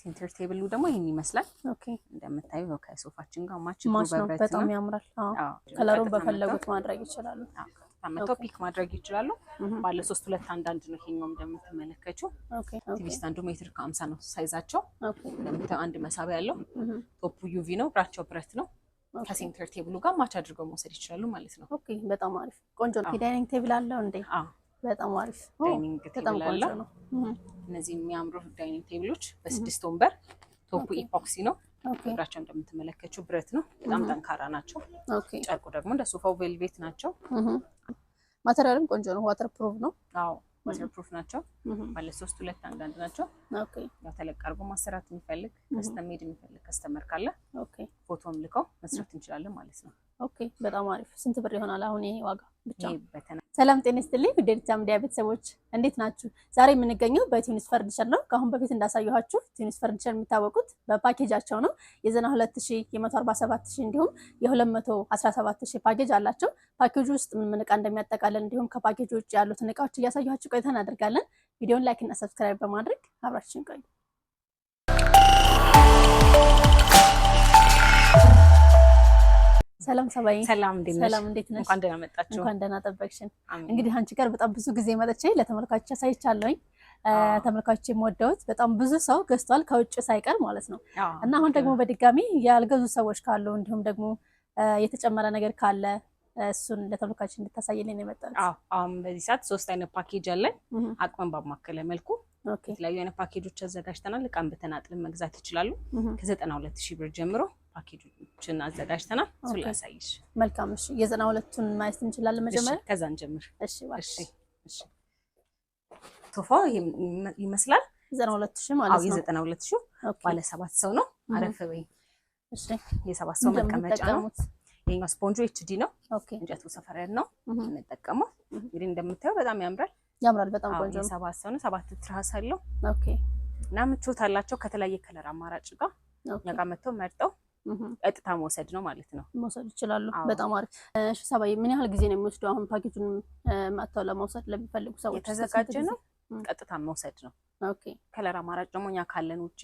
ሴንተር ቴብሉ ደግሞ ይህን ይመስላል። እንደምታዩ ከሶፋችን ጋር ማች በጣም ያምራል። ከለሩን በፈለጉት ማድረግ ይችላሉ። ፒክ ማድረግ ይችላሉ። ባለ ሶስት ሁለት አንዳንድ ነው። ይሄኛው እንደምትመለከችው ቲቪ ስታንዱ ሜትር ከአምሳ ነው ሳይዛቸው። እንደምታዩ አንድ መሳቢያ ያለው ቶፑ ዩቪ ነው፣ ብራቸው ብረት ነው። ከሴንተር ቴብሉ ጋር ማች አድርገው መውሰድ ይችላሉ ማለት ነው። በጣም አሪፍ ቆንጆ ነው። ዳይኒንግ ቴብል አለው እንዴ በጣም አሪፍ ዳይኒንግ ቴብል አለ። እነዚህ የሚያምሩ ዳይኒንግ ቴብሎች በስድስት ወንበር ቶፑ ኢፖክሲ ነው። ራቸው እንደምትመለከችው ብረት ነው። በጣም ጠንካራ ናቸው። ጨርቁ ደግሞ እንደ ሶፋው ቬልቬት ናቸው። ማቴሪያልም ቆንጆ ነው። ዋተር ፕሩፍ ነው። አዎ ዋተር ፕሩፍ ናቸው። ባለ ሶስት ሁለት አንዳንድ ናቸው። ተለቅ አድርጎ ማሰራት የሚፈልግ ከስተሜድ የሚፈልግ ከስተመር ካለ ፎቶም ልከው መስራት እንችላለን ማለት ነው። ኦኬ በጣም አሪፍ። ስንት ብር ይሆናል አሁን ይሄ ዋጋ ብቻ ሰላም ጤና ይስጥልኝ። ውድ የልታ ሚዲያ ቤተሰቦች እንዴት ናችሁ? ዛሬ የምንገኘው በቲዩኒስ ፈርኒቸር ነው። ከአሁን በፊት እንዳሳየኋችሁ ቲዩኒስ ፈርኒቸር የሚታወቁት በፓኬጃቸው ነው። የዘና 2000፣ የ147 ሺ እንዲሁም የ217 ሺ ፓኬጅ አላቸው። ፓኬጁ ውስጥ ምን ምን ዕቃ እንደሚያጠቃለን እንዲሁም ከፓኬጅ ውጭ ያሉትን ዕቃዎች እያሳየኋችሁ ቆይታ እናደርጋለን። ቪዲዮን ላይክ እና ሰብስክራይብ በማድረግ አብራችን ቆዩ። ሰላም ሰባዬ፣ ሰላም እንዴት ነሽ? ሰላም እንዴት ነሽ? እንኳን ደህና መጣችሁ። እንኳን ደህና ጠበቅሽን። እንግዲህ አንቺ ጋር በጣም ብዙ ጊዜ መጥቼ ለተመልካቾች አሳይቻለሁኝ። ተመልካቾች የምወደውት በጣም ብዙ ሰው ገዝቷል ከውጭ ሳይቀር ማለት ነው። እና አሁን ደግሞ በድጋሚ ያልገዙ ሰዎች ካሉ እንዲሁም ደግሞ የተጨመረ ነገር ካለ እሱን ለተመልካቾች እንድታሳይልኝ ነው የመጣሁት። አሁን በዚህ ሰዓት ሶስት አይነት ፓኬጅ አለን አቅምን ባማከለ መልኩ የተለያዩ አይነት ፓኬጆች አዘጋጅተናል። እቃን በተናጥልን መግዛት ይችላሉ ከዘጠና ሁለት ሺህ ብር ጀምሮ ፓኬጆችን አዘጋጅተናል። እሱ ላሳይሽ። መልካም። እሺ፣ የዘጠና ሁለቱን ማየት እንችላለን? መጀመሪያ ከዛ እንጀምር። እሺ፣ እሺ፣ እሺ። ይመስላል። ዘጠና ሁለት ማለት ነው። የዘጠና ሁለት ባለ ሰባት ሰው ነው። አረፍ የሰባት ሰው መቀመጫ ነው። የኛው ስፖንጆ ኤችዲ ነው። እንጨቱ ሰፈረድ ነው የምንጠቀመው። እንግዲህ እንደምታየው በጣም ያምራል፣ ያምራል። በጣም ቆንጆ ነው። ሰባት ሰው ነው። ሰባት ትራስ አለው እና ምቾት አላቸው ከተለያየ ከለር አማራጭ ጋር እኛ ጋር መጥተው መርጠው ቀጥታ መውሰድ ነው ማለት ነው። መውሰድ ይችላሉ። በጣም አሪፍ። እሺ ምን ያህል ጊዜ ነው የሚወስደው? አሁን ፓኬጁን መጥተው ለመውሰድ ለሚፈልጉ ሰዎች የተዘጋጀ ነው። ቀጥታ መውሰድ ነው። ኦኬ። ከለር አማራጭ ደግሞ እኛ ካለን ውጪ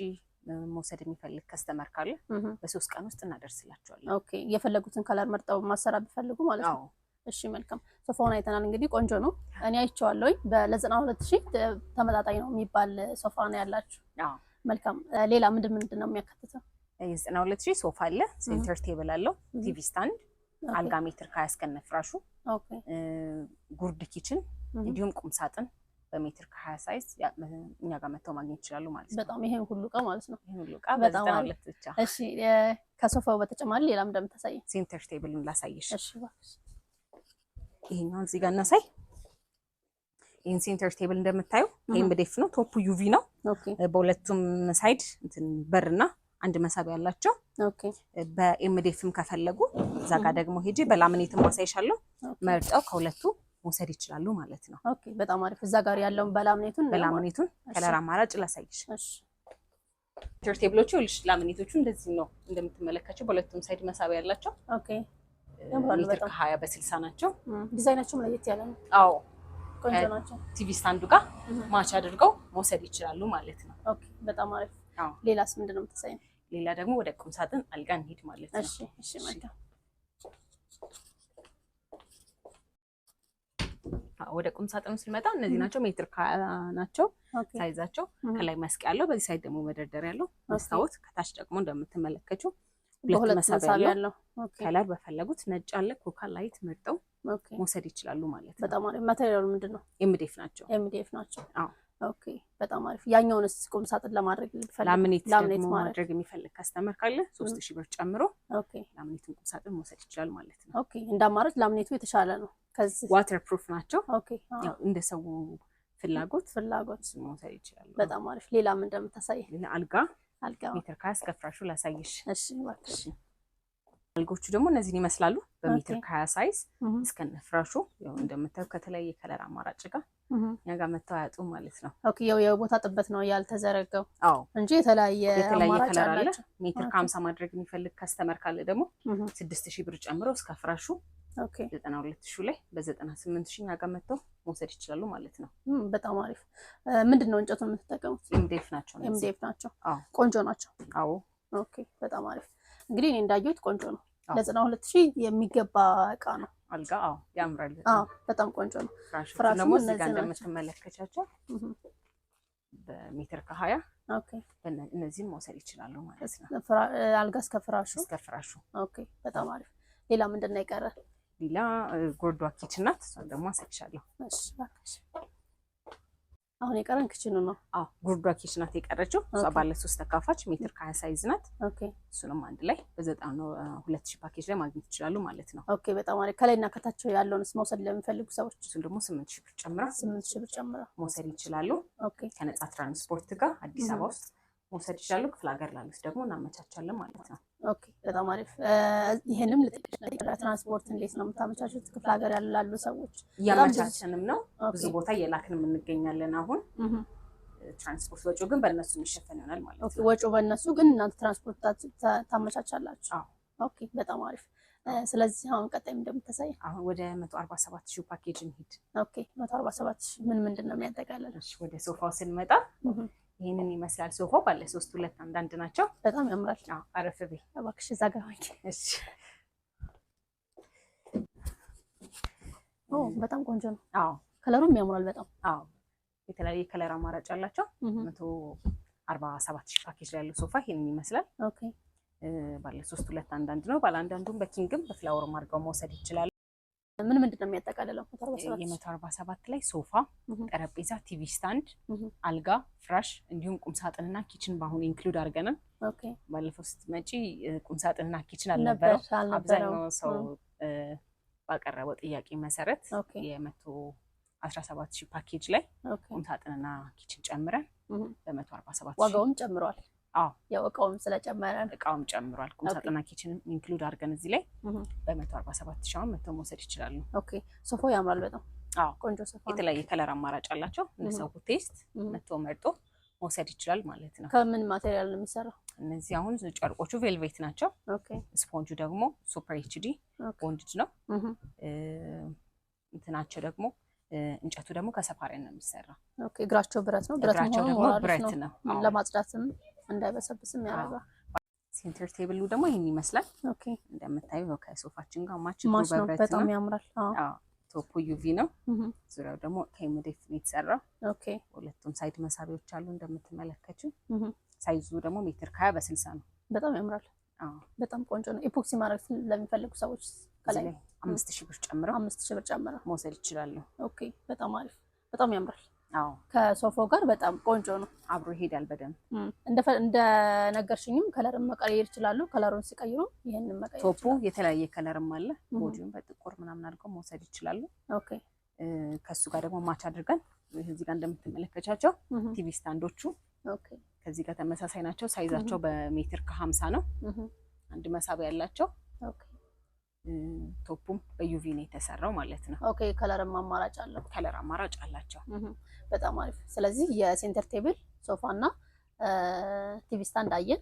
መውሰድ የሚፈልግ ከስተመር ካለ በሶስት ቀን ውስጥ እናደርስላቸዋለን። ኦኬ። የፈለጉትን ከለር መርጠው ማሰራ ቢፈልጉ ማለት ነው። እሺ መልካም። ሶፋውን አይተናል እንግዲህ ቆንጆ ነው። እኔ አይቼዋለሁኝ። ለዘጠና ሁለት ሺህ ተመጣጣኝ ነው የሚባል ሶፋ ነው ያላችሁ። መልካም። ሌላ ምንድን ምንድን ነው የሚያካትተው? የዘጠና ሁለት ሺህ ሶፋ አለ፣ ሴንተር ቴብል አለው፣ ቲቪ ስታንድ፣ አልጋ ሜትር ከሀያ እስከነ ፍራሹ፣ ጉርድ ኪችን እንዲሁም ቁም ሳጥን በሜትር ከሀያ ሳይዝ እኛ ጋር መጥተው ማግኘት ይችላሉ ማለት ነው። በጣም ይሄን ሁሉ እቃ ማለት ነው። ይሄን ሁሉ እቃ በጣም ሁለት ብቻ። እሺ፣ ከሶፋው በተጨማሪ ሌላም እንደምታሳይ ሴንተር ቴብልን ላሳይሽ። ይሄኛውን እዚህ ጋር እናሳይ። ይህን ሴንተር ቴብል እንደምታዩ ይህም ብዴፍ ነው። ቶፑ ዩቪ ነው። በሁለቱም ሳይድ እንትን በርና አንድ መሳቢያ ያላቸው በኤምዴፍም ከፈለጉ እዛ ጋር ደግሞ ሄጂ በላምኔትም ማሳይሻለሁ መርጠው ከሁለቱ መውሰድ ይችላሉ ማለት ነው። በጣም አሪፍ። እዛ ጋር ያለውን በላምኔቱን በላምኔቱን ከለር አማራጭ ላሳይሽ። እሺ ቴብሎቹ ልሽ ላምኔቶቹ እንደዚህ ነው እንደምትመለከቸው፣ በሁለቱም ሳይድ መሳቢያ ያላቸው ኦኬ። ሜትር ከሀያ በስልሳ ናቸው። ዲዛይናቸውም ለየት ያለ ነው። አዎ ቆንጆ ናቸው። ቲቪ ስታንዱ ጋር ማች አድርገው መውሰድ ይችላሉ ማለት ነው። በጣም አሪፍ። ሌላስ ምንድን ነው ሌላ ደግሞ ወደ ቁም ሳጥን አልጋ እንሄድ ማለት ነው። እሺ እሺ መልካም። ወደ ቁም ሳጥኑ ስንመጣ እነዚህ ናቸው። ሜትር ናቸው ሳይዛቸው። ከላይ መስቀያ ያለው፣ በዚህ ሳይድ ደግሞ መደርደር ያለው መስታወት፣ ከታች ደግሞ እንደምትመለከቱ ሁለት መሳቢያ ያለው፣ ከለር በፈለጉት ነጭ አለ፣ ኮካ ላይት መርጠው መውሰድ ይችላሉ ማለት ነው። በጣም ማቴሪያሉ ምንድን ነው? ኤምዴፍ ናቸው። ኤምዴፍ ናቸው። አዎ ኦኬ በጣም አሪፍ። ያኛውንስ ቁም ሳጥን ለማድረግ ላምኔት ደግሞ ማድረግ የሚፈልግ ካስተመር ካለ ሶስት ሺህ ብር ጨምሮ ላምኔቱን ቁም ሳጥን መውሰድ ይችላል ማለት ነው። ኦኬ እንደ አማራጭ ላምኔቱ የተሻለ ነው። ከዚህ ዋተር ፕሩፍ ናቸው። እንደ ሰው ፍላጎት ፍላጎት መውሰድ ይችላል። በጣም አሪፍ። ሌላም እንደምታሳይ አልጋ አልጋ ሜትር ከሀያ እስከ ፍራሹ ላሳይሽ። እሺ እባክሽ አልጎቹ ደግሞ እነዚህን ይመስላሉ። በሜትር ከሀያ ሳይዝ እስከነ ፍራሹ እንደምታዩ ከተለያየ ከለር አማራጭ ጋር እኛ ጋር አያጡ ማለት ነው። ያው የቦታ ጥበት ነው ያልተዘረጋው እንጂ የተለያየ የተለያየ ከለር አለ። ሜትር ከሀምሳ ማድረግ የሚፈልግ ከስተመር ካለ ደግሞ ስድስት ሺህ ብር ጨምሮ እስከ ፍራሹ ዘጠና ሁለት ሺ ላይ በዘጠና ስምንት ሺ እኛ ጋር መጥተው መውሰድ ይችላሉ ማለት ነው። በጣም አሪፍ። ምንድን ነው እንጨቱን የምትጠቀሙት? ኤምዴፍ ናቸው። ኤምዴፍ ናቸው። ቆንጆ ናቸው። አዎ። ኦኬ። በጣም አሪፍ። እንግዲህ እኔ እንዳየሁት ቆንጆ ነው። ለዘጠና ሁለት ሺህ የሚገባ እቃ ነው። አልጋ አዎ፣ ያምራል። በጣም ቆንጆ ነው። ፍራሹ እነዚህ እንደምትመለከቻቸው በሜትር ከሀያ እነዚህም መውሰድ ይችላሉ ማለት ነው። አልጋ እስከ ፍራሹ እስከ ፍራሹ። ኦኬ፣ በጣም አሪፍ። ሌላ ምንድን ነው የቀረ? ሌላ ጎርዷ ኪችን ናት። እሷን ደግሞ አሳይሻለሁ። እሺ አሁን የቀረን ክችኑ ነው። አዎ ጉርዷ ኬች ናት የቀረችው። እሷ ባለ ሶስት ተካፋች ሜትር ከሀያ ሳይዝ ናት። እሱንም አንድ ላይ በዘጠና ሁለት ሺ ፓኬጅ ላይ ማግኘት ይችላሉ ማለት ነው። ኦኬ በጣም አሪፍ። ከላይና ከታቸው ያለውንስ መውሰድ ለሚፈልጉ ሰዎች እሱን ደግሞ ስምንት ሺ ብር ጨምራ ስምንት ሺ ብር ጨምራ መውሰድ ይችላሉ። ኦኬ ከነጻ ትራንስፖርት ጋር አዲስ አበባ ውስጥ መውሰድ ይችላሉ። ክፍለ ሀገር ላሉት ደግሞ እናመቻቻለን ማለት ነው። ኦኬ በጣም አሪፍ። ይህንም ልጥቅሽ ትራንስፖርት እንዴት ነው የምታመቻቹት? ክፍለ ሀገር ያሉ ላሉ ሰዎች እያመቻቸንም ነው ብዙ ቦታ እየላክን የምንገኛለን አሁን ትራንስፖርት ወጪው ግን በእነሱ የሚሸፈን ይሆናል ማለት ነው። ወጪው በእነሱ ግን እናንተ ትራንስፖርት ታመቻቻላችሁ። ኦኬ፣ በጣም አሪፍ። ስለዚህ አሁን ቀጣይ እንደምታሳይ አሁን ወደ ሰባት ሺ ፓኬጅ እንሂድ። ኦኬ ሰባት ሺ ምን ምንድን ነው የሚያጠቃልለው? እሺ ወደ ሶፋው ስንመጣ ይህንን ይመስላል። ሶፋው ባለ ሶስት ሁለት አንዳንድ ናቸው። በጣም ያምራል። አረፍ ቤ እባክሽ እዛ ጋር ወንኪ። እሺ በጣም ቆንጆ ነው። አዎ ከለሩም ያምራል በጣም አዎ። የተለያየ ከለር አማራጭ አላቸው። መቶ አርባ ሰባት ሺህ ፓኬጅ ላይ ያለው ሶፋ ይሄንን ይመስላል። ኦኬ ባለ ሶስት ሁለት አንዳንድ ነው። ባለ አንዳንዱም በኪንግም በፍላወርም አድርገው መውሰድ ይችላሉ። ምን ምንድን ነው የሚያጠቃልለው? የመቶ አርባ ሰባት ላይ ሶፋ፣ ጠረጴዛ፣ ቲቪ ስታንድ፣ አልጋ፣ ፍራሽ እንዲሁም ቁምሳጥንና ኪችን በአሁኑ ኢንክሉድ አድርገናል። ባለፈው ስትመጪ ቁምሳጥንና ኪችን አልነበረው። አብዛኛው ሰው ባቀረበው ጥያቄ መሰረት የመቶ አስራ ሺህ ፓኬጅ ላይ ቁምሳጥንና ኪችን ጨምረን በመቶ አርባ ዋጋውም ጨምሯል። አዎ ያው እቃውም ስለጨመረ እቃውም ጨምሯል። ቁም ኪችን ኢንክሉድ አድርገን እዚህ ላይ በመቶ አርባ ሰባት ሺህ አሁን መተው መውሰድ ይችላሉ። ኦኬ ሶፋው ያምራል በጣም አዎ ቆንጆ ሶፋ። የተለያየ ከለር አማራጭ አላቸው። ለሰው ቴስት መቶ መርጦ መውሰድ ይችላል ማለት ነው። ከምን ማቴሪያል ነው የሚሰራው? እነዚህ አሁን ጨርቆቹ ቬልቬት ናቸው። ስፖንጁ ደግሞ ሱፐር ኤችዲ ቦንድድ ነው። እንትናቸው ደግሞ እንጨቱ ደግሞ ከሰፋሪያ ነው የሚሰራ። እግራቸው ብረት ነው። ብረት ደግሞ ብረት ነው፣ ለማጽዳትም እንዳይበሰብስም ያደርጋል። ሴንተር ቴብሉ ደግሞ ይህን ይመስላል። እንደምታዩ ከሶፋችን ጋር ማች በጣም ያምራል። አዎ ቶፑ ዩቪ ነው፣ ዙሪያው ደግሞ ከኤምዴፍ ነው የተሰራው። ሁለቱም ሳይድ መሳቢያዎች አሉ እንደምትመለከችው። ሳይዙ ደግሞ ሜትር ከሀያ በስልሳ ነው። በጣም ያምራል። በጣም ቆንጆ ነው። ኢፖክሲ ማድረግ ለሚፈልጉ ሰዎች ከላይ አምስት ሺህ ብር ጨምረው አምስት ሺህ ብር ጨምረው መውሰድ ይችላሉ። ኦኬ በጣም አሪፍ፣ በጣም ያምራል። አዎ ከሶፋው ጋር በጣም ቆንጆ ነው፣ አብሮ ይሄዳል በደንብ እንደ ነገርሽኝም ከለርን መቀየር ይችላሉ። ከለሩን ሲቀይሩ ይህን መቀየር ቶፑ የተለያየ ከለርም አለ። ቦዲውን በጥቁር ምናምን አድርገው መውሰድ ይችላሉ። ኦኬ ከሱ ጋር ደግሞ ማች አድርገን እዚህ ጋር እንደምትመለከቻቸው ቲቪ ስታንዶቹ ከዚህ ጋር ተመሳሳይ ናቸው። ሳይዛቸው በሜትር ከሀምሳ ነው። አንድ መሳቢያ ያላቸው ቶፑም በዩቪ ነው የተሰራው ማለት ነው። ኦኬ ከለርም አማራጭ አለው። ከለር አማራጭ አላቸው። በጣም አሪፍ። ስለዚህ የሴንተር ቴብል ሶፋ እና ቲቪ ስታንድ አየን።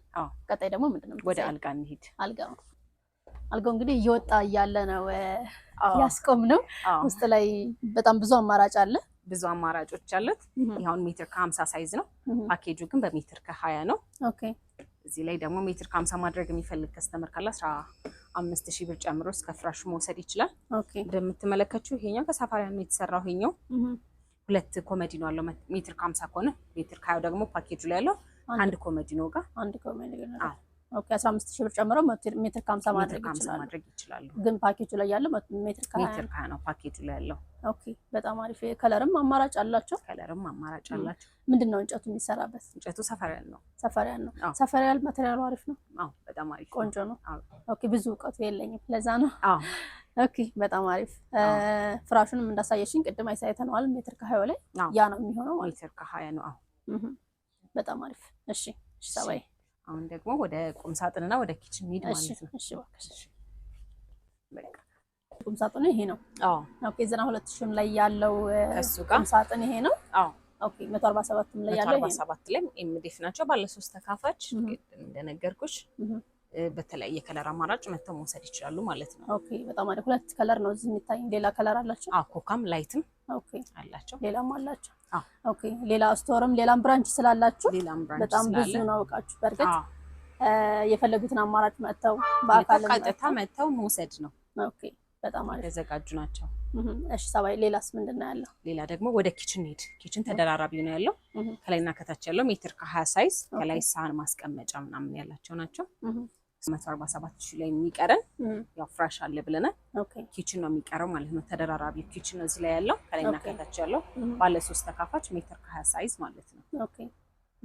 ቀጣይ ደግሞ ምንድነው? ወደ አልጋ እንሂድ። አልጋ አልጋው እንግዲህ እየወጣ እያለ ነው ያስቆም ነው። ውስጥ ላይ በጣም ብዙ አማራጭ አለ። ብዙ አማራጮች አሉት። ይሁን ሜትር ከሀምሳ ሳይዝ ነው። ፓኬጁ ግን በሜትር ከሀያ ነው። እዚህ ላይ ደግሞ ሜትር ከሀምሳ ማድረግ የሚፈልግ ከስተመር ካለ አስራ አምስት ሺህ ብር ጨምሮ እስከ ፍራሹ መውሰድ ይችላል። እንደምትመለከችው ይሄኛው ከሳፋሪያ ነው የተሰራው። ይሄኛው ሁለት ነው አለው። ሜትር ከሀምሳ ከሆነ ሜትር ከሀያው ደግሞ ፓኬጁ ላይ ያለው አንድ ነው ጋር አንድ ኮመዲኖ ኦኬ 15 ሺህ ብር ጨምረው ሜትር ከሀምሳ ማድረግ ይችላሉ። ግን ፓኬጁ ላይ ያለው ሜትር ከሀያ ነው ፓኬጁ ላይ ያለው። ኦኬ በጣም አሪፍ። ከለርም አማራጭ አላቸው። ከለርም አማራጭ አላቸው። ምንድን ነው እንጨቱ የሚሰራበት? እንጨቱ ሰፈሪያል ነው። ሰፈሪያል ነው። ሰፈሪያል ማቴሪያሉ አሪፍ ነው። አዎ በጣም አሪፍ ቆንጆ ነው። ኦኬ ብዙ እውቀቱ የለኝም ለዛ ነው። አዎ ኦኬ በጣም አሪፍ። ፍራሹንም እንዳሳየሽኝ ቅድም አይሳይተነዋል። ሜትር ከሀያው ላይ ያ ነው የሚሆነው። ሜትር ከሀያ ነው። አዎ በጣም አሪፍ። እሺ እሺ አሁን ደግሞ ወደ ቁም ሳጥንና ወደ ኪችን ሚድ ማለት ነው። እሺ በቃ ቁም ሳጥኑ ይሄ ነው። አዎ ኦኬ። ዘና ሁለት ሺህም ላይ ያለው እሱ ጋር ቁም ሳጥን ይሄ ነው። አዎ ኦኬ። 147 ላይ ያለው 147 ላይ ኤምዲኤፍ ናቸው ባለ ሶስት ተካፋች እንደነገርኩሽ በተለያየ ከለር አማራጭ መተው መውሰድ ይችላሉ ማለት ነው። ኦኬ በጣም አሪፍ። ሁለት ከለር ነው እዚህ የሚታይ። ሌላ ከለር አላቸው። አዎ ኮካም ላይትም ኦኬ አላቸው። ሌላም አላቸው ኦኬ። ሌላ ስቶርም ሌላም ብራንች ስላላችሁ በጣም ብዙ ነው እቃችሁ። በእርግጥ የፈለጉትን አማራጭ መጥተው በአካል ቀጥታ መጥተው መውሰድ ነው። ኦኬ። በጣም አሪፍ የተዘጋጁ ናቸው። እሺ ሰባይ፣ ሌላስ ምንድን ነው ያለው? ሌላ ደግሞ ወደ ኪችን ሄድ። ኪችን ተደራራቢ ነው ያለው ከላይና ከታች ያለው ሜትር ከሀያ ሳይዝ ከላይ ሳህን ማስቀመጫ ምናምን ያላቸው ናቸው። መቶ አርባ ላይ የሚቀረን ያው ፍራሽ አለ ብለናል። ኪችን ነው የሚቀረው ማለት ነው። ተደራራቢ ኪችን ነው እዚህ ላይ ያለው ከላይና ከታች ያለው ባለ ሶስት ተካፋች ሜትር ከሀያ ሳይዝ ማለት ነው።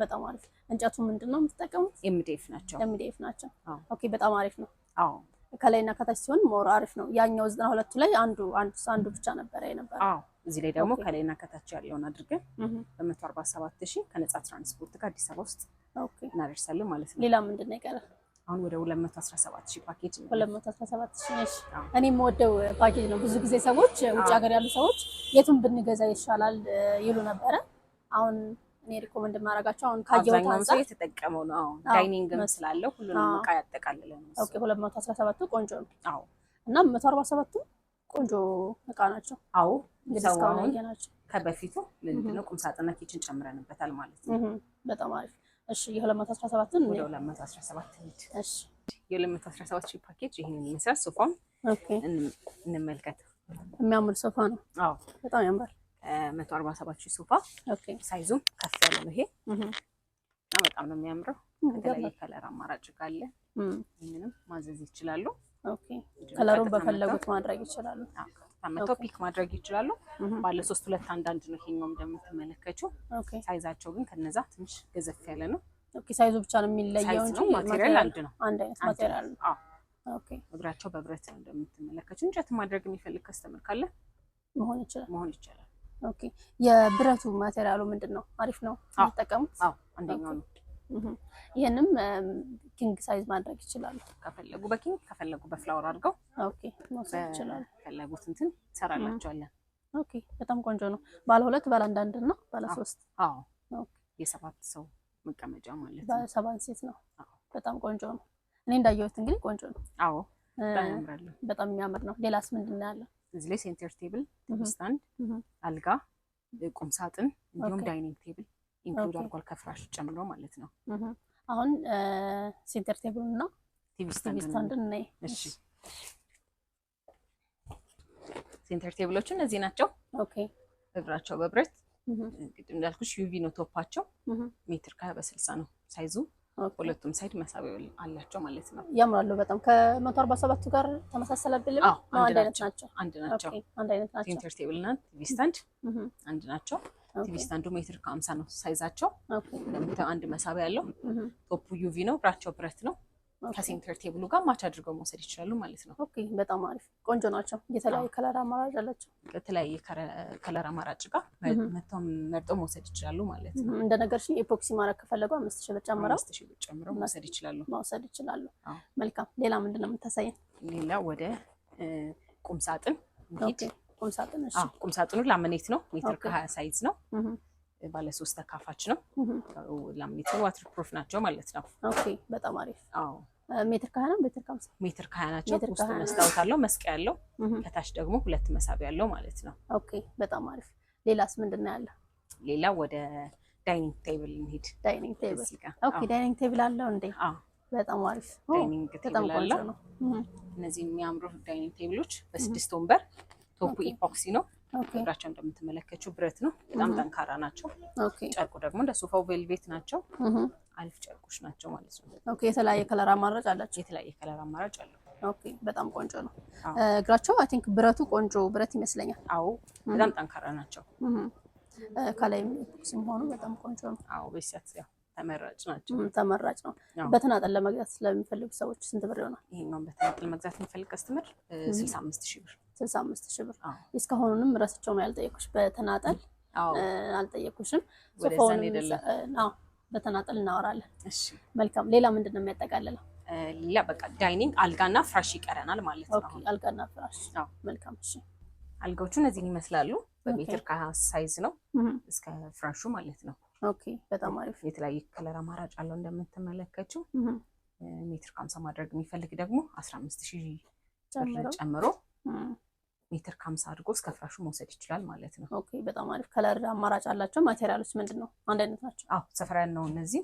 በጣም አሪፍ። እንጨቱ ምንድን ነው የምትጠቀሙት? ኤምዲኤፍ ናቸው። ኤምዲኤፍ ናቸው። ኦኬ፣ በጣም አሪፍ ነው። አዎ ከላይና ከታች ሲሆን ሞር አሪፍ ነው። ያኛው ዘጠና ሁለቱ ላይ አንዱ አንዱ ብቻ ነበረ የነበረ። አዎ እዚህ ላይ ደግሞ ከላይና ከታች ያለውን አድርገን በመቶ አርባ ሰባት ሺህ ከነጻ ትራንስፖርት ጋር አዲስ አበባ ውስጥ እናደርሳለን ማለት ነው። ሌላ ምንድን ነው የቀረ? አሁን ወደ 217 ሺህ ፓኬጅ ነው። 217 ሺህ ነሽ። እኔ የምወደው ፓኬጅ ነው። ብዙ ጊዜ ሰዎች ውጭ ሀገር ያሉ ሰዎች የቱን ብንገዛ ይሻላል ይሉ ነበረ። አሁን እኔ ሪኮመንድ ማረጋቸው አሁን ካየሁት አንጻር የተጠቀመው ነው። አዎ ዳይኒንግም ስላለው ሁሉንም ዕቃ ያጠቃልለ ነው። ኦኬ 217ቱ ቆንጆ ነው። አዎ እና 147 ቆንጆ ዕቃ ናቸው። አዎ እንግዲህ ከበፊቱ ምንድነው ቁምሳጥና ኪችን ጨምረንበታል ማለት ነው። በጣም አሪፍ እሺ የ217ን ወደ 217 ሄድ። እሺ የ217 ሺህ ፓኬጅ ይሄንን ይመስላል። ሶፋም ኦኬ እንመልከት። የሚያምር ሶፋ ነው። አዎ በጣም ያምራል። 147 ሺህ ሶፋ ኦኬ። ሳይዙም ከፍ ያለ ነው ይሄ እና በጣም ነው የሚያምረው። ከተለያየ ከለር አማራጭ ካለ ይሄንንም ማዘዝ ይችላሉ። ኦኬ ከለሩን በፈለጉት ማድረግ ይችላሉ። መጥተው ፒክ ማድረግ ይችላሉ። ባለ ሶስት ሁለት አንዳንድ ነው ይሄኛው እንደምትመለከችው። ሳይዛቸው ግን ከነዛ ትንሽ ገዘፍ ያለ ነው። ኦኬ ሳይዙ ብቻ ነው የሚለየው እንጂ ማቴሪያል አንድ ነው። አንድ አይነት ማቴሪያል ነው። ኦኬ። እግራቸው በብረት ነው እንደምትመለከችው። እንጨት ማድረግ የሚፈልግ ከስተመር ካለ መሆን ይችላል መሆን ይችላል። ኦኬ የብረቱ ማቴሪያሉ ምንድን ነው? አሪፍ ነው የምትጠቀሙት? አዎ አንደኛው ነው ይህንም ኪንግ ሳይዝ ማድረግ ይችላሉ ከፈለጉ በኪንግ ከፈለጉ በፍላወር አድርገው መውሰድ ይችላሉ። ከፈለጉት እንትን ይሰራላቸዋለን። ኦኬ በጣም ቆንጆ ነው። ባለ ሁለት ባለ አንዳንድ እና ባለ ሶስት የሰባት ሰው መቀመጫ ማለት ነው። ሰባት ሴት ነው። በጣም ቆንጆ ነው። እኔ እንዳየሁት እንግዲህ ቆንጆ ነው። አዎ በጣም የሚያምር ነው። ሌላስ ምንድን ነው ያለው? እዚህ ላይ ሴንተር ቴብል፣ ስታንድ፣ አልጋ፣ ቁምሳጥን እንዲሁም ዳይኒንግ ቴብል ኢንክሉድ አድርጓል ከፍራሽ ጨምሮ ማለት ነው። አሁን ሴንተር ቴብል እና ቲቪ ስታንድ እናይ። እሺ ሴንተር ቴብሎቹ እነዚህ ናቸው። ኦኬ እግራቸው በብረት እንግዲህ እንዳልኩሽ ዩቪ ነው ቶፓቸው። ሜትር ከሀያ በስልሳ ነው ሳይዙ። ሁለቱም ሳይድ መሳቢያ አላቸው ማለት ነው። ያምራሉ በጣም ከመቶ አርባ ሰባቱ ጋር ተመሳሰለብልም። አንድ አይነት ናቸው አንድ ናቸው። ሴንተር ቴብል እና ቲቪ ስታንድ አንድ ናቸው። ቲቪስት አንዱ ሜትር ከአምሳ ነው ሳይዛቸው። አንድ መሳቢያ ያለው ቶፑ ዩቪ ነው፣ ብራቸው ብረት ነው። ከሴንተር ቴብሉ ጋር ማች አድርገው መውሰድ ይችላሉ ማለት ነው። ኦኬ በጣም አሪፍ ቆንጆ ናቸው። የተለያየ ከለር አማራጭ አላቸው። የተለያየ ከለር አማራጭ ጋር መጥተው መርጠው መውሰድ ይችላሉ ማለት ነው። እንደ ነገር ኤፖክሲ ማድረግ ከፈለጉ አምስት ሺህ ብር ጨምረው አምስት ሺህ ብር ጨምረው መውሰድ ይችላሉ መውሰድ ይችላሉ። መልካም ሌላ ምንድን ነው የምታሳየን? ሌላ ወደ ቁምሳጥን እንሂድ። ቁም ላምኔት ነው። ሜትር ከሀያ ሳይዝ ነው። ባለ ሶስት ተካፋች ነው። ላምኔት ነው። ዋትር ፕሩፍ ናቸው ማለት ነው። ኦኬ በጣም አሪፍ። አዎ ሜትር ከሀያ ነው። ሜትር ከሀምሳ ሜትር ከሀያ ናቸው። ውስጥ መስታወት አለው፣ መስቀያ አለው። ከታች ደግሞ ሁለት መሳቢያ ያለው ማለት ነው። ኦኬ በጣም አሪፍ። ሌላስ ምንድን ነው ሌላ ወደ ዳይኒንግ ቴብል እንሂድ። ዳይኒንግ ቴብል ኦኬ። ዳይኒንግ ቴብል አለው እንዴ? አዎ በጣም አሪፍ ዳይኒንግ ቴብል አለው። እነዚህ የሚያምሩ ዳይኒንግ ቴብሎች በስድስት ወንበር ቶፑ ኢፖክሲ ነው። እግራቸው እንደምትመለከችው ብረት ነው። በጣም ጠንካራ ናቸው። ጨርቁ ደግሞ እንደ ሶፋው ቬልቬት ናቸው። አሪፍ ጨርቆች ናቸው ማለት ነው። የተለያየ ከለር አማራጭ አላቸው። የተለያየ ከለር አማራጭ አለው። በጣም ቆንጆ ነው። እግራቸው አይ ቲንክ ብረቱ ቆንጆ ብረት ይመስለኛል። አዎ በጣም ጠንካራ ናቸው። ከላይም ኢፖክሲ መሆኑ በጣም ቆንጆ ነው። አዎ በሰት ያው ተመራጭ ናቸው። ተመራጭ ነው። በተናጠል ለመግዛት ስለሚፈልጉ ሰዎች ስንት ብር ይሆናል? ይሄኛውን በተናጠል መግዛት የሚፈልግ ከስትምር ስልሳ አምስት ሺህ ብር ስልሳ አምስት ሺህ ብር እስካሁኑንም ረስቸው ነው ያልጠየኩሽ። በተናጠል አልጠየኩሽም። በተናጠል እናወራለን። መልካም። ሌላ ምንድን ነው የሚያጠቃልለው? ሌላ በቃ ዳይኒንግ አልጋና ፍራሽ ይቀረናል ማለት ነው። አልጋና ፍራሽ። መልካም። እሺ አልጋዎቹ እነዚህን ይመስላሉ። በሜትር ከሳይዝ ነው እስከ ፍራሹ ማለት ነው። ኦኬ በጣም አሪፍ። የተለያየ ከለር አማራጭ አለው እንደምትመለከችው። ሜትር ከሀምሳ ማድረግ የሚፈልግ ደግሞ አስራ አምስት ሺህ ጨምሮ ሜትር ከሀምሳ አድርጎ እስከ ፍራሹ መውሰድ ይችላል ማለት ነው። ኦኬ በጣም አሪፍ። ከለር አማራጭ አላቸው። ማቴሪያሎች ምንድን ነው? አንድ አይነት ናቸው? አዎ ሰፍራ ነው። እነዚህ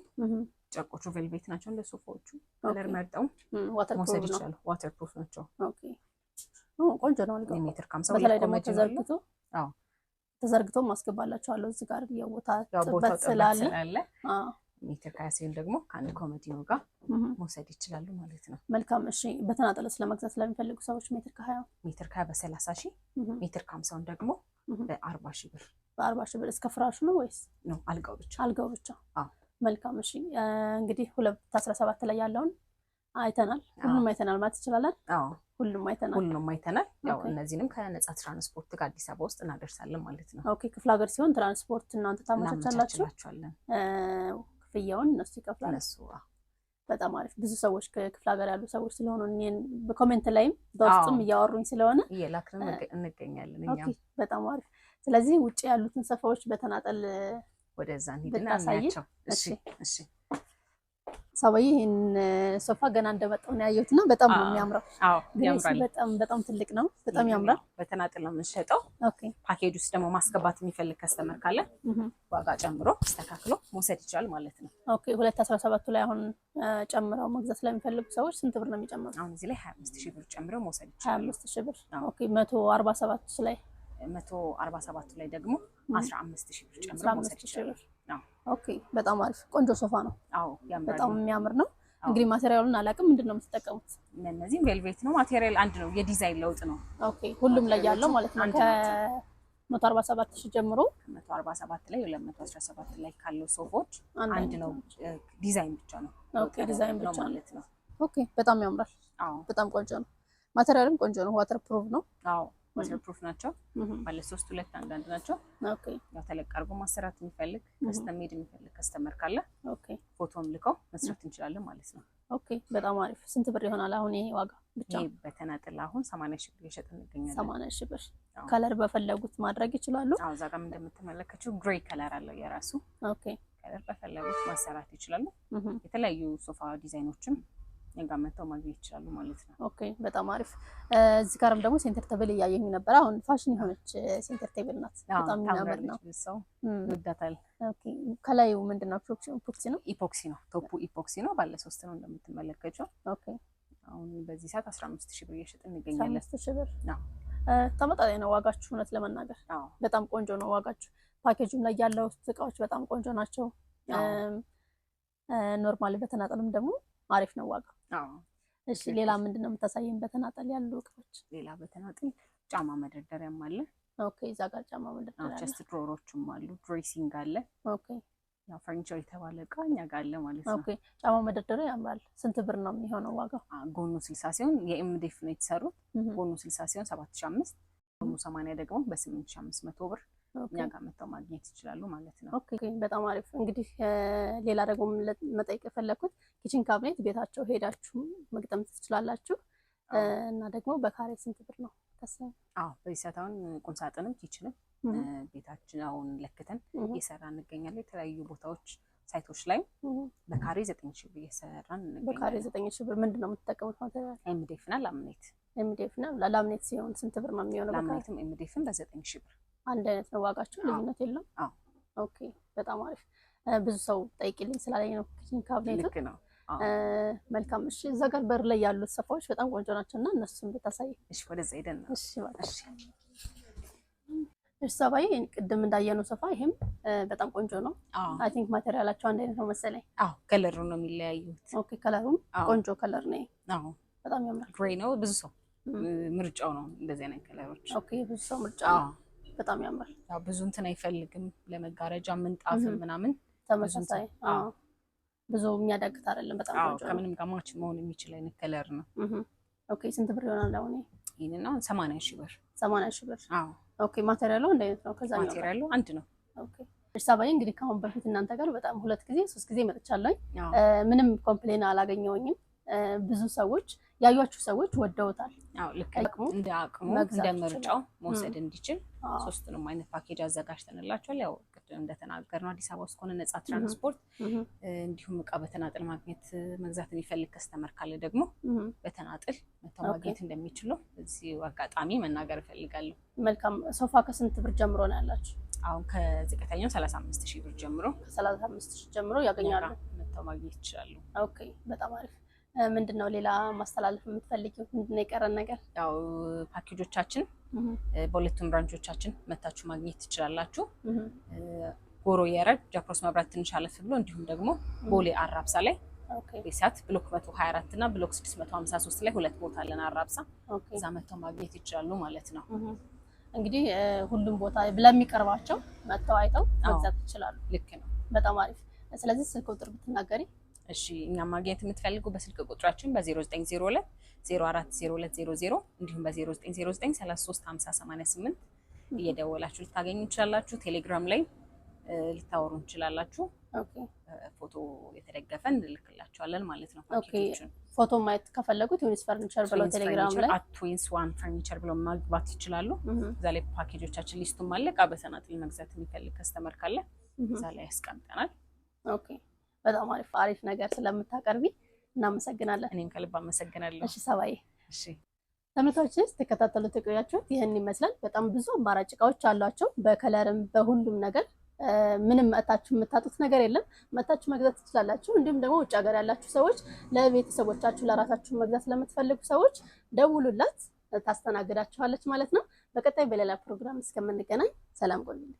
ጨርቆቹ ቬልቬት ናቸው። እንደ ሶፋዎቹ ከለር መርጠው መውሰድ ይችላሉ። ዋተር ፕሩፍ ናቸው። ቆንጆ ነው። ሜትር ከሀምሳ በተለይ ደግሞ ተዘርግቶ ተዘርግቶ ማስገባላቸው አለው እዚህ ጋር የቦታ ጥበት ስላለ ሜትር ከሀያ ሲሆን ደግሞ ከአንድ ኮመዲኖ ጋር መውሰድ ይችላሉ ማለት ነው። መልካም እሺ። በተናጠለ ስለመግዛት ስለሚፈልጉ ሰዎች ሜትር ከሀያ ሜትር ከሀያ በሰላሳ ሺ ሜትር ከሀምሳውን ደግሞ በአርባ ሺ ብር በአርባ ሺ ብር እስከ ፍራሹ ነው ወይስ ነው አልጋው ብቻ? አልጋው ብቻ። መልካም እሺ። እንግዲህ ሁለት አስራ ሰባት ላይ ያለውን አይተናል። ሁሉም አይተናል ማለት ይችላለን። ሁሉም አይተናል። ሁሉም አይተናል። ያው እነዚህንም ከነጻ ትራንስፖርት ጋር አዲስ አበባ ውስጥ እናደርሳለን ማለት ነው። ኦኬ ክፍለ ሀገር ሲሆን ትራንስፖርት እናንተ ታመቻቻላችሁ። ክፍያውን እነሱ ይከፍላል። በጣም አሪፍ። ብዙ ሰዎች ክፍለ ሀገር ያሉ ሰዎች ስለሆኑ እኔን በኮሜንት ላይም በውስጥም እያወሩኝ ስለሆነ እየላክን እንገኛለን። በጣም አሪፍ። ስለዚህ ውጭ ያሉትን ሰፋዎች በተናጠል ወደዛ ሄድናቸው። እሺ፣ እሺ። ሳባዬ ይህን ሶፋ ገና እንደመጣሁ ነው ያየሁት እና በጣም ነው የሚያምረው። በጣም በጣም ትልቅ ነው፣ በጣም ያምራል። በተናጥል ነው የምንሸጠው። ፓኬጅ ውስጥ ደግሞ ማስገባት የሚፈልግ ከስተመር ካለ ዋጋ ጨምሮ አስተካክሎ መውሰድ ይችላል ማለት ነው። ኦኬ ሁለት አስራ ሰባቱ ላይ አሁን ጨምረው መግዛት ስለሚፈልጉ ሰዎች ስንት ብር ነው የሚጨምረው? አሁን እዚህ ላይ ሀያ አምስት ሺህ ብር ጨምረው መውሰድ ይችላል። ሀያ አምስት ሺህ ብር ኦኬ። መቶ አርባ ሰባቱ ላይ መቶ አርባ ሰባቱ ላይ ደግሞ አስራ አምስት ሺህ ብር ጨምረው መውሰድ ይችላል። ኦኬ፣ በጣም አሪፍ ቆንጆ ሶፋ ነው። አዎ በጣም የሚያምር ነው። እንግዲህ ማቴሪያሉን አላውቅም፣ ምንድን ነው የምትጠቀሙት? እነዚህም ቬልቬት ነው። ማቴሪያል አንድ ነው፣ የዲዛይን ለውጥ ነው። ኦኬ፣ ሁሉም ላይ ያለው ማለት ነው። ከመቶ አርባ ሰባት ሺህ ጀምሮ መቶ አርባ ሰባት ላይ ሁለት መቶ አስራ ሰባት ላይ ካለው ሶፎች አንድ ነው። ዲዛይን ብቻ ነው። ኦኬ፣ ዲዛይን ብቻ ማለት ነው። ኦኬ፣ በጣም ያምራል። አዎ፣ በጣም ቆንጆ ነው። ማቴሪያልም ቆንጆ ነው። ዋተር ፕሩቭ ነው። አዎ ወስር ፕሩፍ ናቸው። ባለ ሶስት ሁለት አንዳንድ ናቸው። ያው ተለቅ አድርጎ ማሰራት የሚፈልግ ከስተም ሜድ የሚፈልግ ከስተመር ካለ ፎቶም ልከው መስራት እንችላለን ማለት ነው። ኦኬ በጣም አሪፍ። ስንት ብር ይሆናል አሁን ይሄ ዋጋ ብቻ? ይሄ በተናጥል አሁን 80 ሺህ ብር እየሸጥን እንገኛለን። 80 ሺህ ብር ከለር በፈለጉት ማድረግ ይችላሉ። አዎ እዛ ጋር እንደምትመለከችው ግሬ ከለር አለው የራሱ። ኦኬ ከለር በፈለጉት ማሰራት ይችላሉ። የተለያዩ ሶፋ ዲዛይኖችም እኛ መጥተው ማግኘት ይችላሉ ማለት ነው። ኦኬ በጣም አሪፍ። እዚህ ጋርም ደግሞ ሴንተር ቴብል እያየሁኝ ነበረ። አሁን ፋሽን የሆነች ሴንተር ቴብል ናት። በጣም የሚያምር ነው። ሰው ይወዳታል። ከላዩ ምንድን ነው? ኢፖክሲ ነው። ኢፖክሲ ነው። ቶፑ ኢፖክሲ ነው። ባለ ሶስት ነው እንደምትመለከቸው። ኦኬ አሁን በዚህ ሰዓት አስራ አምስት ሺህ ብር እየሸጥ እንገኛለን። አስራ አምስት ሺህ ብር ተመጣጣኝ ነው ዋጋችሁ። እውነት ለመናገር በጣም ቆንጆ ነው ዋጋችሁ። ፓኬጁም ላይ ያለው እቃዎች በጣም ቆንጆ ናቸው። ኖርማል በተናጠልም ደግሞ አሪፍ ነው ዋጋ እሺ፣ ሌላ ምንድን ነው የምታሳየን? በተናጠል ያሉ እቃዎች ሌላ በተናጠል ጫማ መደርደሪያም አለ። ኦኬ፣ እዛ ጋር ጫማ መደርደሪያ ቸስት ድሮሮችም አሉ። ድሬሲንግ አለ። ኦኬ፣ ያው ፈርኒቸር የተባለ እቃ እኛ ጋር አለ ማለት ነው። ኦኬ፣ ጫማ መደርደሪያ ያምራል። ስንት ብር ነው የሚሆነው ዋጋው? ጎኑ ስልሳ ሲሆን የኤምዴፍ ነው የተሰሩት። ጎኑ ስልሳ ሲሆን ሰባት ሺህ አምስት ጎኑ ሰማንያ ደግሞ በስምንት ሺህ አምስት መቶ ብር እኛ ጋር መጥተው ማግኘት ይችላሉ ማለት ነው። ኦኬ፣ በጣም አሪፍ። እንግዲህ ሌላ ደግሞ መጠየቅ የፈለኩት ኪችን ካብኔት ቤታቸው ሄዳችሁ መግጠም ትችላላችሁ። እና ደግሞ በካሬ ስንት ብር ነው? አዎ ቁምሳጥንም ኪችንም ቤታችን ለክተን እየሰራ እንገኛለን። የተለያዩ ቦታዎች ሳይቶች ላይ በካሬ ዘጠኝ ሺህ ብር እየሰራን እንገኛለን። በካሬ ዘጠኝ ሺህ ብር ምንድን ነው የምትጠቀሙት ማቴሪያል? ኤምዴፍና ላምኔት። ኤምዴፍና ላምኔት ሲሆን ስንት ብር ነው የሚሆነው? ላምኔትም ኤምዴፍን በዘጠኝ ሺህ ብር። አንድ አይነት ነው ዋጋቸው፣ ልዩነት የለም። ኦኬ በጣም አሪፍ። ብዙ ሰው ጠይቅልኝ ስላለኝ ነው ኪችን ካብኔቱ ልክ ነው መልካም። እሺ፣ እዛ ጋር በር ላይ ያሉት ሰፋዎች በጣም ቆንጆ ናቸው እና እነሱም ብታሳይ። እሺ፣ ወደዛ ሄደን ነው። እሺ፣ እሺ። እሺ፣ ሰፋዬ ቅድም እንዳየነው ሰፋ ይሄም በጣም ቆንጆ ነው። አይ ቲንክ ማቴሪያላቸው አንድ አይነት ነው መሰለኝ። አዎ፣ ከለሩ ነው የሚለያዩት። ኦኬ፣ ከለሩም ቆንጆ ከለር ነው። አዎ፣ በጣም ያምራል። ግሬ ነው ብዙ ሰው ምርጫው ነው እንደዚህ አይነት ከለሮች። ኦኬ፣ ብዙ ሰው ምርጫ ነው። በጣም ያምራል። ያው ብዙ እንትን አይፈልግም ለመጋረጃ ምንጣፍ ምናምን ተመሳሳይ። አዎ ብዙ የሚያዳግት አይደለም። በጣም ከምንም ጋር ማች መሆን የሚችል አይነት ከለር ነው። ኦኬ ስንት ብር ይሆናል አሁን ይሄን? ነው ሰማንያ ሺህ ብር። ሰማንያ ሺህ ብር። ኦኬ። ማቴሪያሉ አንድ አይነት ነው? ከዛ ማቴሪያሉ አንድ ነው። ኦኬ ሳባዬ እንግዲህ ከአሁን በፊት እናንተ ጋር በጣም ሁለት ጊዜ ሶስት ጊዜ መጥቻለኝ። ምንም ኮምፕሌን አላገኘውኝም። ብዙ ሰዎች ያዩችሁ ሰዎች ወደውታል። እንደ አቅሙ እንደ ምርጫው መውሰድ እንዲችል ሶስቱንም አይነት ፓኬጅ አዘጋጅተንላቸዋል ያው እንደተናገር ነው አዲስ አበባ ውስጥ ከሆነ ነጻ ትራንስፖርት፣ እንዲሁም እቃ በተናጥል ማግኘት መግዛት የሚፈልግ ከስተመር ካለ ደግሞ በተናጥል መተው ማግኘት እንደሚችለው እዚህ አጋጣሚ መናገር እፈልጋለሁ። መልካም ሶፋ ከስንት ብር ጀምሮ ነው ያላችሁ? አሁን ከዝቅተኛው ሰላሳ አምስት ሺህ ብር ጀምሮ ከሰላሳ አምስት ሺህ ጀምሮ ያገኛሉ፣ መተው ማግኘት ይችላሉ። ኦኬ በጣም አሪፍ ምንድን ነው ሌላ ማስተላለፍ የምትፈልጊው? ምንድን ነው የቀረን ነገር? ያው ፓኬጆቻችን በሁለቱም ብራንቾቻችን መታችሁ ማግኘት ትችላላችሁ። ጎሮ የረድ ጃፕሮስ መብራት ትንሽ አለፍ ብሎ እንዲሁም ደግሞ ቦሌ አራብሳ ላይ ሳት ብሎክ 124 እና ብሎክ 653 ላይ ሁለት ቦታ አለን አራብሳ። እዛ መጥተው ማግኘት ይችላሉ ማለት ነው። እንግዲህ ሁሉም ቦታ ብለሚቀርባቸው መጥተው አይተው መግዛት ይችላሉ። ልክ ነው። በጣም አሪፍ። ስለዚህ ስልክ ቁጥር ብትናገሪ እሺ እኛ ማግኘት የምትፈልጉ በስልክ ቁጥራችን በ0902 040200 እንዲሁም በ0909 እየደወላችሁ ልታገኙ እንችላላችሁ። ቴሌግራም ላይ ልታወሩ እንችላላችሁ። ፎቶ የተደገፈ እንልክላቸዋለን ማለት ነው። ፎቶ ማየት ከፈለጉት ዩኒስ ፈርኒቸር ብለው ቴሌግራም ላይ ዋን ፈርኒቸር ብለው መግባት ይችላሉ። እዛ ላይ ፓኬጆቻችን ሊስቱም አለ። እቃ በሰናጥል መግዛት የሚፈልግ ከስተመር ካለ እዛ ላይ ያስቀምጠናል። በጣም አሪፍ አሪፍ ነገር ስለምታቀርቢ እናመሰግናለን። እኔም ከልብ አመሰግናለሁ። እሺ ሰባዬ። እሺ ተመልካቾች ተከታተሉት የቆያችሁት ይህን ይመስላል። በጣም ብዙ አማራጭ እቃዎች አሏቸው በከለርም በሁሉም ነገር ምንም መታችሁ የምታጡት ነገር የለም። መታችሁ መግዛት ትችላላችሁ። እንዲሁም ደግሞ ውጭ ሀገር ያላችሁ ሰዎች ለቤተሰቦቻችሁ፣ ለራሳችሁ መግዛት ለምትፈልጉ ሰዎች ደውሉላት፣ ታስተናግዳችኋለች ማለት ነው። በቀጣይ በሌላ ፕሮግራም እስከምንገናኝ ሰላም ቆዩልኝ።